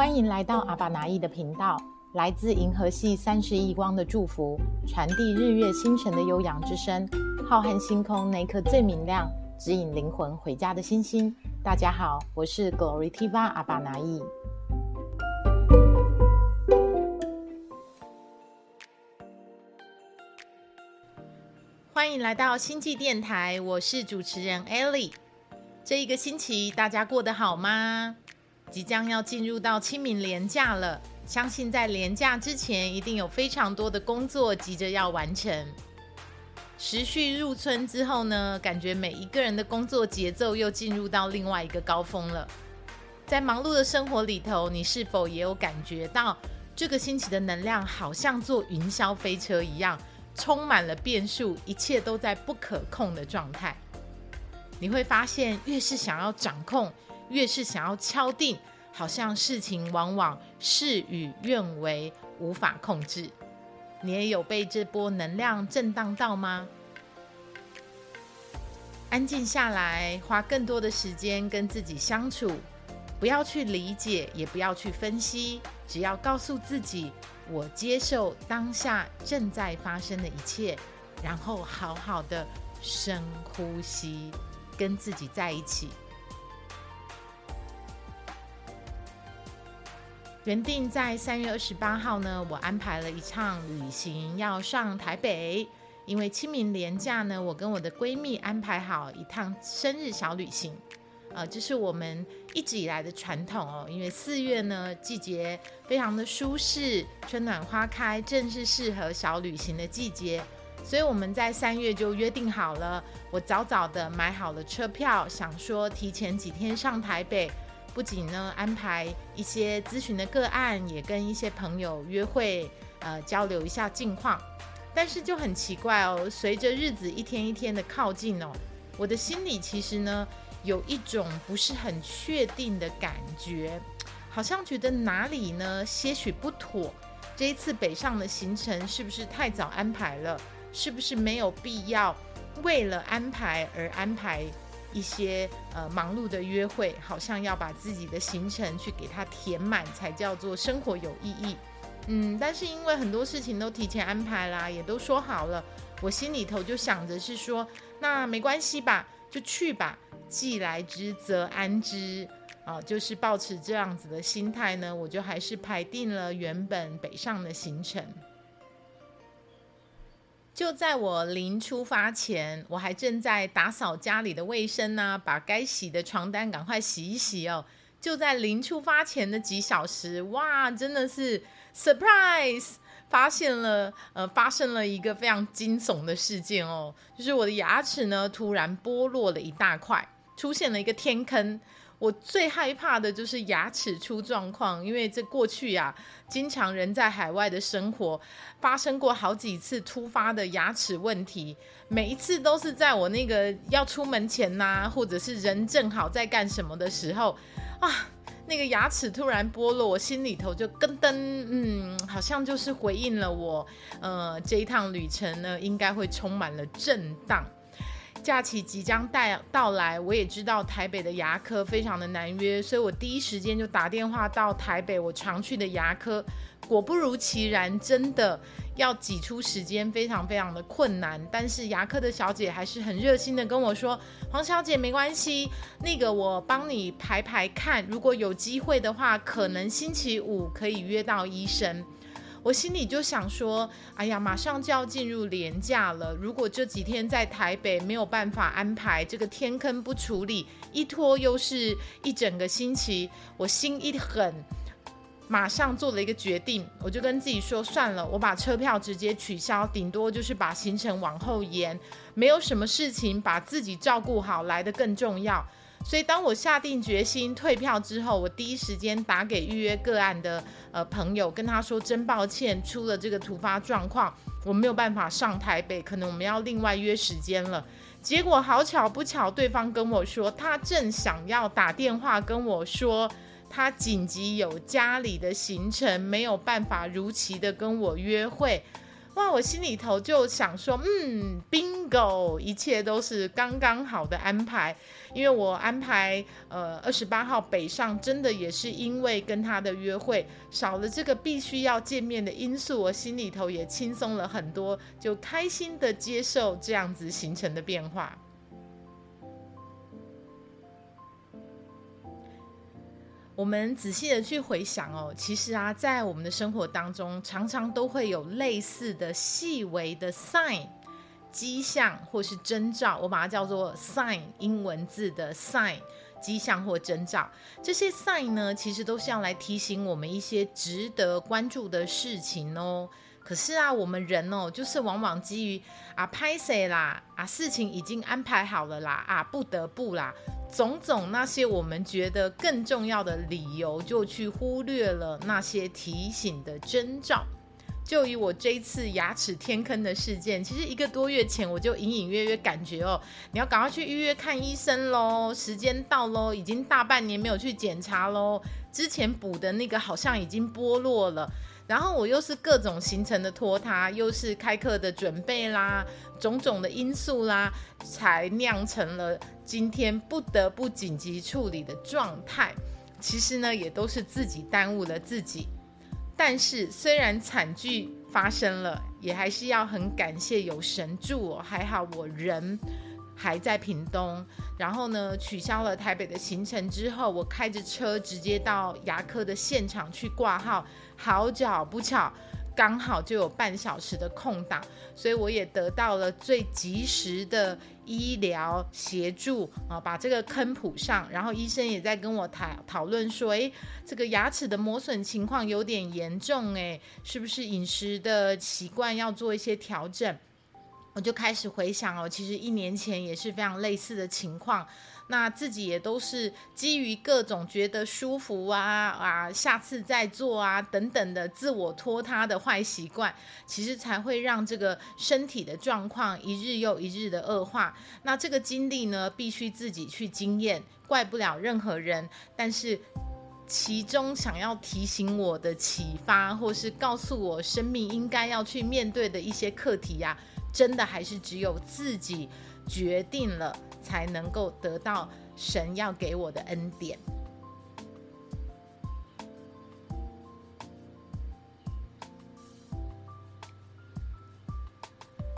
歡迎來到阿巴拿意的頻道，來自銀河系三十億光的祝福，傳遞日月星辰的悠揚之聲，浩瀚星空那顆最明亮，指引靈魂回家的星星。大家好，我是 Glory Tiva 阿巴拿意。歡迎來到星際電台，我是主持人 Ellie。這一個星期大家過得好嗎？即將要進入到清明連假了，相信在連假之前，一定有非常多的工作急着要完成。時序入春之後呢，感覺每一個人的工作節奏又進入到另外一個高峰了。在忙碌的生活裡頭，你是否也有感覺到這個星期的能量好像坐雲霄飛車一樣，充滿了變數，一切都在不可控的狀態。你會發現，越是想要掌控，越是想要敲定，好像事情往往事與願違，無法控制。你也有被這波能量震盪到嗎？安靜下來，花更多的時間跟自己相處，不要去理解，也不要去分析，只要告訴自己：我接受當下正在發生的一切，然後好好的深呼吸，跟自己在一起。原定在三月二十八號呢，我安排了一趟旅行要上台北，因為清明連假呢，我跟我的閨蜜安排好一趟生日小旅行，呃，這、就是我們一直以來的傳統哦。因為四月呢，季節非常的舒適，春暖花開，正是適合小旅行的季節，所以我們在三月就約定好了，我早早的買好了車票，想說提前幾天上台北。不僅呢安排一些諮詢的個案，也跟一些朋友約會，呃，交流一下近況。但是就很奇怪哦，隨着日子一天一天的靠近哦，我的心裡其實呢有一種不是很確定的感覺，好像覺得哪裡呢些許不妥。這一次北上的行程是不是太早安排了？是不是沒有必要為了安排而安排？一些呃忙碌的約會，好像要把自己的行程去給它填滿，才叫做生活有意義。嗯，但是因為很多事情都提前安排啦，也都說好了，我心裡頭就想着是說，那沒關係吧，就去吧，既來之則安之啊、呃，就是抱持這樣子的心態呢，我就還是排定了原本北上的行程。就在我臨出發前，我還正在打掃家裡的衛生呢、啊，把該洗的床單趕快洗一洗哦。就在臨出發前的幾小時，哇，真的是 surprise，發現了，呃，發生了一個非常驚悚的事件哦，就是我的牙齒呢突然剝落了一大塊，出現了一個天坑。我最害怕的就是牙齒出狀況，因為這過去呀、啊，經常人在海外的生活發生過好幾次突發的牙齒問題，每一次都是在我那個要出門前吶、啊，或者是人正好在幹什麼的時候，啊，那個牙齒突然剝落，我心裡頭就噔噔，嗯，好像就是回應了我，呃，這一趟旅程呢，應該會充滿了震盪。假期即將到到來，我也知道台北的牙科非常的難約，所以我第一時間就打電話到台北我常去的牙科，果不如其然，真的要擠出時間非常非常的困難，但是牙科的小姐還是很熱心的跟我說，黃小姐沒關係，那個我幫你排排看，如果有機會的話，可能星期五可以約到醫生。我心裡就想說：“哎呀，馬上就要進入連假了，如果這幾天在台北沒有辦法安排這個天坑不處理，一拖又是一整個星期。”我心一狠，馬上做了一個決定，我就跟自己說：“算了，我把車票直接取消，頂多就是把行程往後延，沒有什麼事情，把自己照顧好來得更重要。”所以，當我下定決心退票之後，我第一時間打給預約個案的呃朋友，跟他說：“真抱歉，出了這個突發狀況，我沒有辦法上台北，可能我們要另外約時間了。”結果好巧不巧，對方跟我說，他正想要打電話跟我說，他緊急有家裡的行程，沒有辦法如期的跟我約會。那我心裡頭就想說，嗯，bingo，一切都是剛剛好的安排。因為我安排呃二十八號北上，真的也是因為跟他的約會少了這個必須要見面的因素，我心裡頭也輕鬆了很多，就開心的接受這樣子行程的變化。我們仔細的去回想哦，其實啊，在我們的生活當中，常常都會有類似的細微的 sign，跡象或是徵兆，我把它叫做 sign，英文字的 sign，跡象或徵兆。這些 sign 呢，其實都是要來提醒我們一些值得關注的事情哦。可是啊，我們人哦，就是往往基於啊拍誰啦，啊事情已經安排好了啦，啊不得不啦，種種那些我們覺得更重要的理由，就去忽略了那些提醒的徵兆。就以我這一次牙齒天坑的事件，其實一個多月前我就隱隱約約感覺哦，你要趕快去預約看醫生嘍，時間到嘍，已經大半年沒有去檢查嘍，之前補的那個好像已經剝落了。然後我又是各種行程的拖沓，又是開課的準備啦，種種的因素啦，才釀成了今天不得不緊急處理的狀態。其實呢，也都是自己耽誤了自己。但是雖然慘劇發生了，也還是要很感謝有神助，哦，還好我人還在屏東。然後呢，取消了台北的行程之後，我開着車直接到牙科的現場去掛號。好巧不巧，剛好就有半小時的空檔，所以我也得到了最及時的醫療協助啊，把這個坑補上。然後醫生也在跟我討討論說，誒，這個牙齒的磨損情況有點嚴重，誒，是不是飲食的習慣要做一些調整？我就開始回想哦，其實一年前也是非常類似的情況，那自己也都是基於各種覺得舒服啊啊，下次再做啊等等的自我拖沓的壞習慣，其實才會讓這個身體的狀況一日又一日的惡化。那這個經歷呢，必須自己去經驗，怪不了任何人。但是其中想要提醒我的啟發，或是告訴我生命應該要去面對的一些課題呀，啊。真的還是只有自己決定了，才能夠得到神要給我的恩典。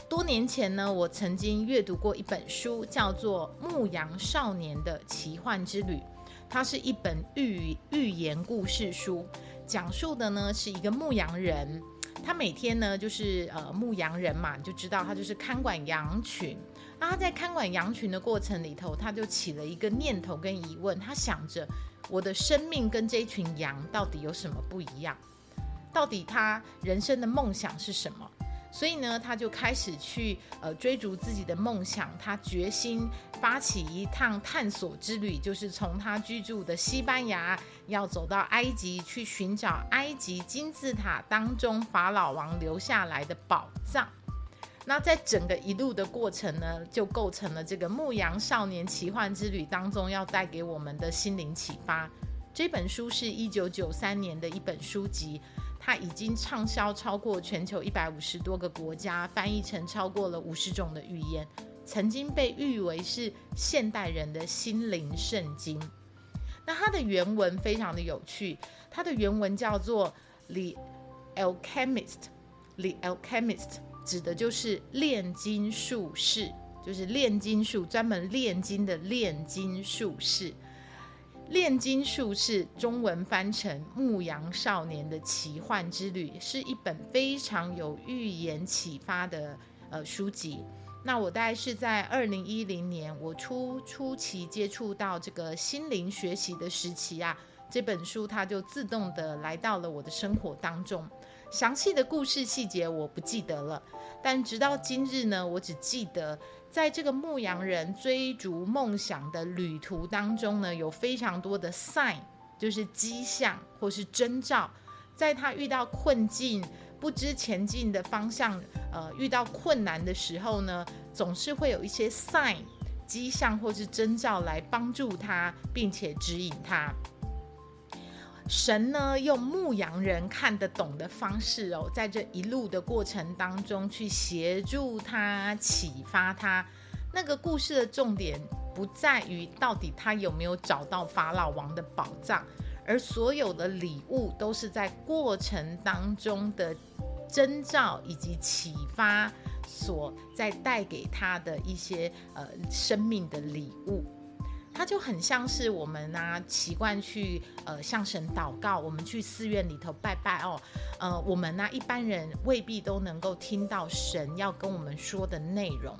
多年前呢，我曾經閱讀過一本書，叫做《牧羊少年的奇幻之旅》，它是一本寓寓言故事書，講述的呢是一個牧羊人。他每天呢，就是呃牧羊人嘛，你就知道他就是看管羊群。那他在看管羊群的過程裡頭，他就起了一個念頭跟疑問，他想着我的生命跟這一群羊到底有什麼不一樣？到底他人生的夢想是什麼？所以呢，他就開始去呃追逐自己的夢想。他決心發起一趟探索之旅，就是從他居住的西班牙要走到埃及去尋找埃及金字塔當中法老王留下來的寶藏。那在整個一路的過程呢，就構成了這個《牧羊少年奇幻之旅》當中要帶給我們的心靈啟發。這本書是一九九三年的一本書籍。它已經暢銷超過全球一百五十多個國家，翻譯成超過了五十種的語言，曾經被譽為是現代人的心靈聖經。那它的原文非常的有趣，它的原文叫做《The Alchemist》。《The Alchemist》指的就是煉金術士，就是煉金術專門煉金的煉金術士。《煉金術士》中文翻成《牧羊少年的奇幻之旅》，是一本非常有寓言啟發的呃書籍。那我大概是在二零一零年，我初初期接觸到這個心靈學習的時期啊，這本書它就自動的來到了我的生活當中。詳細的故事細節我不記得了，但直到今日呢，我只記得在這個牧羊人追逐夢想的旅途當中呢，有非常多的 sign，就是跡象或是徵兆，在他遇到困境、不知前進的方向，呃，遇到困難的時候呢，總是會有一些 sign，跡象或是徵兆來幫助他，並且指引他。神呢，用牧羊人看得懂的方式哦，在這一路的過程當中，去協助他、啟發他。那個故事的重點不在於到底他有沒有找到法老王的寶藏，而所有的禮物都是在過程當中的徵兆以及啟發所在，帶給他的一些呃生命的禮物。它就很像是我們啊，習慣去呃向神禱告，我們去寺院裡頭拜拜哦，呃我們呢、啊、一般人未必都能夠聽到神要跟我們說的內容，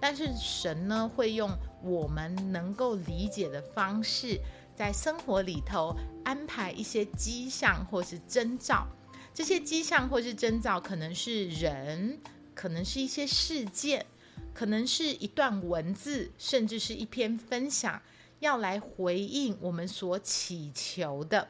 但是神呢會用我們能夠理解的方式，在生活裡頭安排一些跡象或是徵兆，這些跡象或是徵兆可能是人，可能是一些事件，可能是一段文字，甚至是一篇分享。要來回應我們所祈求的，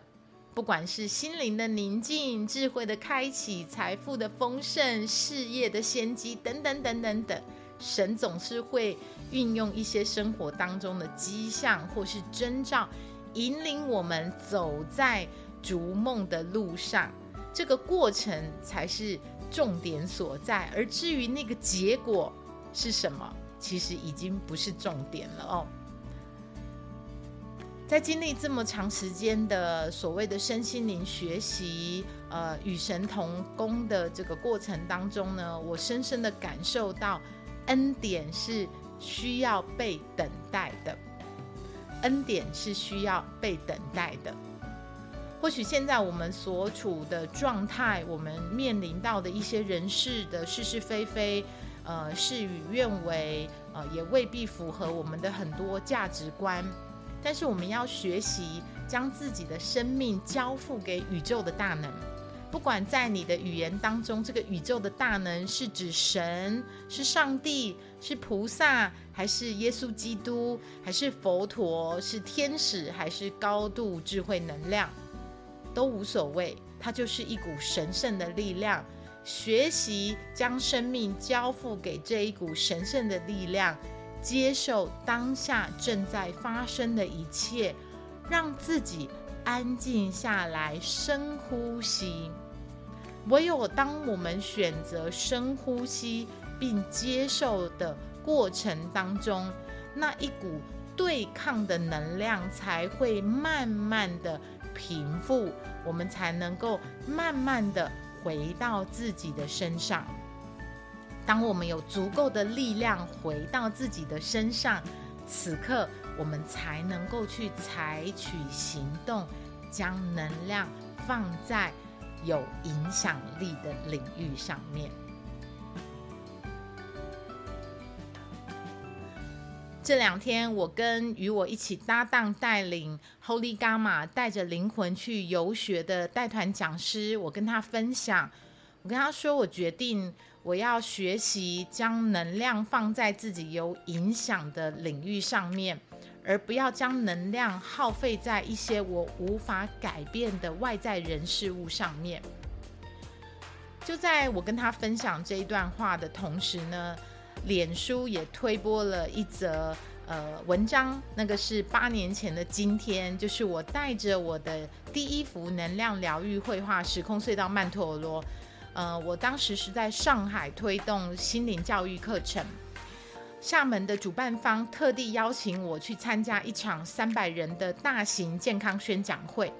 不管是心靈的寧靜、智慧的開啟、財富的豐盛、事業的先機等等等等等，神總是會運用一些生活當中的跡象或是徵兆，引領我們走在逐夢的路上。這個過程才是重點所在，而至於那個結果是什麼，其實已經不是重點了哦。在經歷這麼長時間的所謂的身心靈學習，呃，與神同工的這個過程當中呢，我深深的感受到，恩典是需要被等待的，恩典是需要被等待的。或許現在我們所處的狀態，我們面臨到的一些人事的是是非非，呃，事與願違，呃，也未必符合我們的很多價值觀。但是我們要學習將自己的生命交付給宇宙的大能，不管在你的語言當中，這個宇宙的大能是指神、是上帝、是菩薩，還是耶穌基督、還是佛陀、是天使，還是高度智慧能量，都無所謂。它就是一股神聖的力量。學習將生命交付給這一股神聖的力量。接受當下正在發生的一切，讓自己安靜下來，深呼吸。唯有當我們選擇深呼吸並接受的過程當中，那一股對抗的能量才會慢慢的平復，我們才能夠慢慢的回到自己的身上。當我們有足夠的力量回到自己的身上，此刻我們才能夠去採取行動，將能量放在有影響力的領域上面。這兩天，我跟與我一起搭檔帶領 Holy Gamma，帶着靈魂去遊學的帶團講師，我跟他分享，我跟他說，我決定。我要學習將能量放在自己有影響的領域上面，而不要將能量耗費在一些我無法改變的外在人事物上面。就在我跟他分享這一段話的同時呢，臉書也推播了一則呃文章，那個是八年前的今天，就是我帶着我的第一幅能量療癒繪畫《時空隧道曼陀羅》。呃，我當時是在上海推動心靈教育課程。廈門的主辦方特地邀請我去參加一場三百人的大型健康宣講會。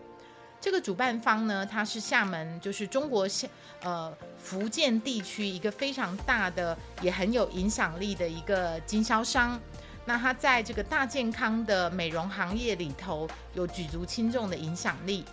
這個主辦方呢，他是廈門，就是中國廈呃福建地區一個非常大的也很有影響力的一個經銷商。那他在這個大健康的美容行業裡頭有舉足輕重的影響力。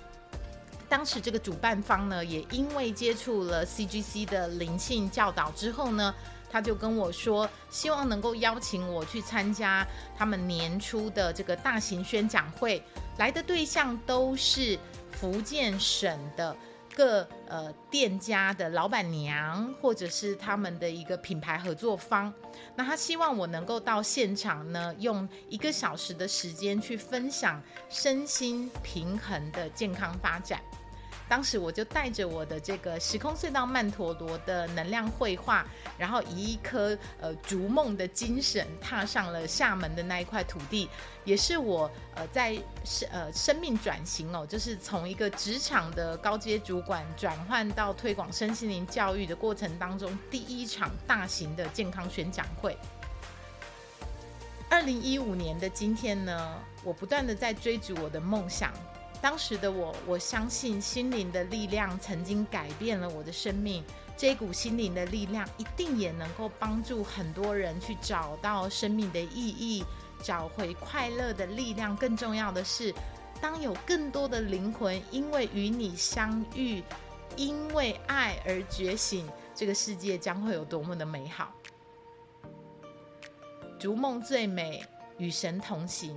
當時這個主辦方呢，也因為接觸了 CGC 的靈性教導之後呢，他就跟我說，希望能夠邀請我去參加他們年初的這個大型宣講會。來的對象都是福建省的各呃店家的老板娘，或者是他們的一個品牌合作方。那他希望我能夠到現場呢，用一個小時的時間去分享身心平衡的健康發展。當時我就帶着我的這個時空隧道曼陀羅的能量繪畫，然後以一顆呃逐夢的精神，踏上了廈門的那一塊土地，也是我在呃在生呃生命轉型哦，就是從一個職場的高階主管轉換到推廣身心靈教育的過程當中，第一場大型的健康宣講會。二零一五年的今天呢，我不斷地在追逐我的夢想。當時的我，我相信心靈的力量曾經改變了我的生命。這股心靈的力量一定也能夠幫助很多人去找到生命的意義，找回快樂的力量。更重要的是，當有更多的靈魂因為與你相遇，因為愛而覺醒，這個世界將會有多麼的美好！築夢最美，與神同行。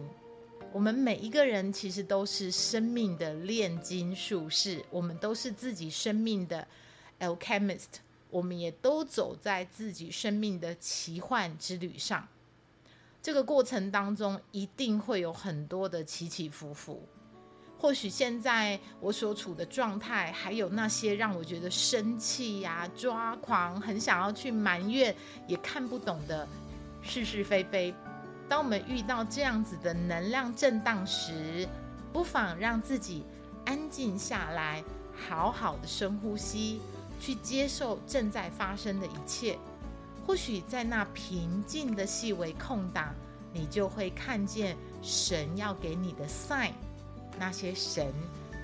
我們每一個人其實都是生命的煉金術士，我們都是自己生命的 alchemist，我們也都走在自己生命的奇幻之旅上。這個過程當中，一定會有很多的起起伏伏。或許現在我所處的狀態，還有那些讓我覺得生氣呀、啊、抓狂、很想要去埋怨、也看不懂的是是非非。當我們遇到這樣子的能量震盪時，不妨讓自己安靜下來，好好的深呼吸，去接受正在發生的一切。或許在那平靜的細微空檔，你就會看見神要給你的 sign，那些神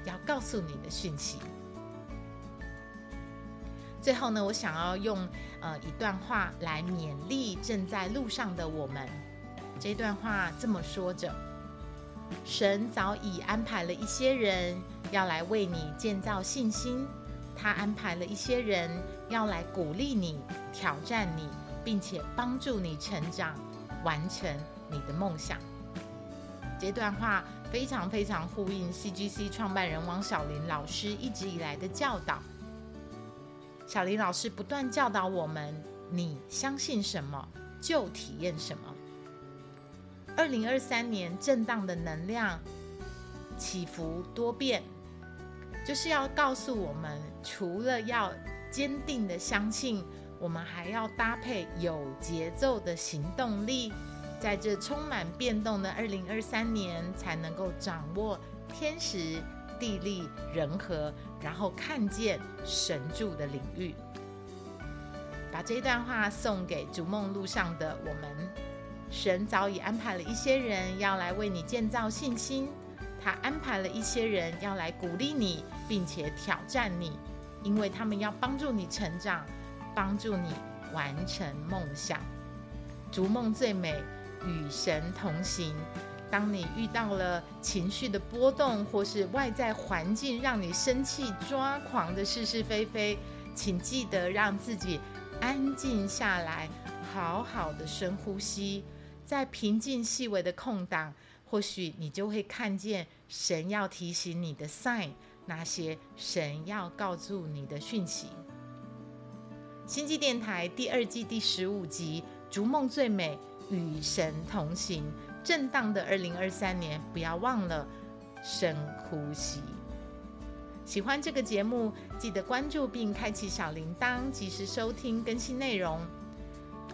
要告訴你的訊息。最後呢，我想要用，呃，一段話來勉勵正在路上的我們。這段話這麼說著：“神早已安排了一些人要來為你建造信心，他安排了一些人要來鼓勵你、挑戰你，並且幫助你成長、完成你的夢想。”這段話非常非常呼應 CGC 創辦人王小林老師一直以來的教導。小林老師不斷教導我們：“你相信什麼，就體驗什麼。”二零二三年震盪的能量起伏多變，就是要告訴我們，除了要堅定的相信，我們還要搭配有節奏的行動力，在這充滿變動的二零二三年，才能夠掌握天時、地利、人和，然後看見神助的領域。把這一段話送給逐夢路上的我們。神早已安排了一些人要來為你建造信心，他安排了一些人要來鼓勵你，並且挑戰你，因為他們要幫助你成長，幫助你完成夢想。築夢最美，與神同行。當你遇到了情緒的波動，或是外在環境讓你生氣、抓狂的是是非非，請記得讓自己安靜下來，好好的深呼吸。在平靜細微的空檔，或許你就會看見神要提醒你的 sign，那些神要告訴你的訊息。星際電台第二季第十五集《築夢最美，與神同行》，正當的二零二三年，不要忘了深呼吸。喜歡這個節目，記得關注並開啟小鈴鐺，及時收聽更新內容。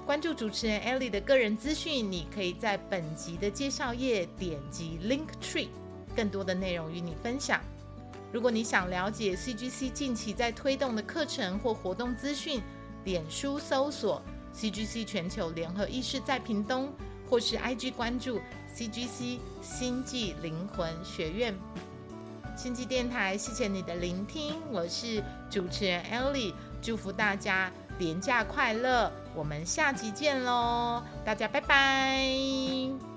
關注主持人 Ellie 的個人資訊，你可以在本集的介紹頁點擊 Linktree，更多的內容與你分享。如果你想了解 CGC 近期在推動的課程或活動資訊，臉書搜索 CGC 全球聯合意識在屏東，或是 IG 關注 CGC 星際靈魂學院星際電台。謝謝你的聆聽，我是主持人 Ellie，祝福大家。連假快樂，我們下集見嘍！大家拜拜。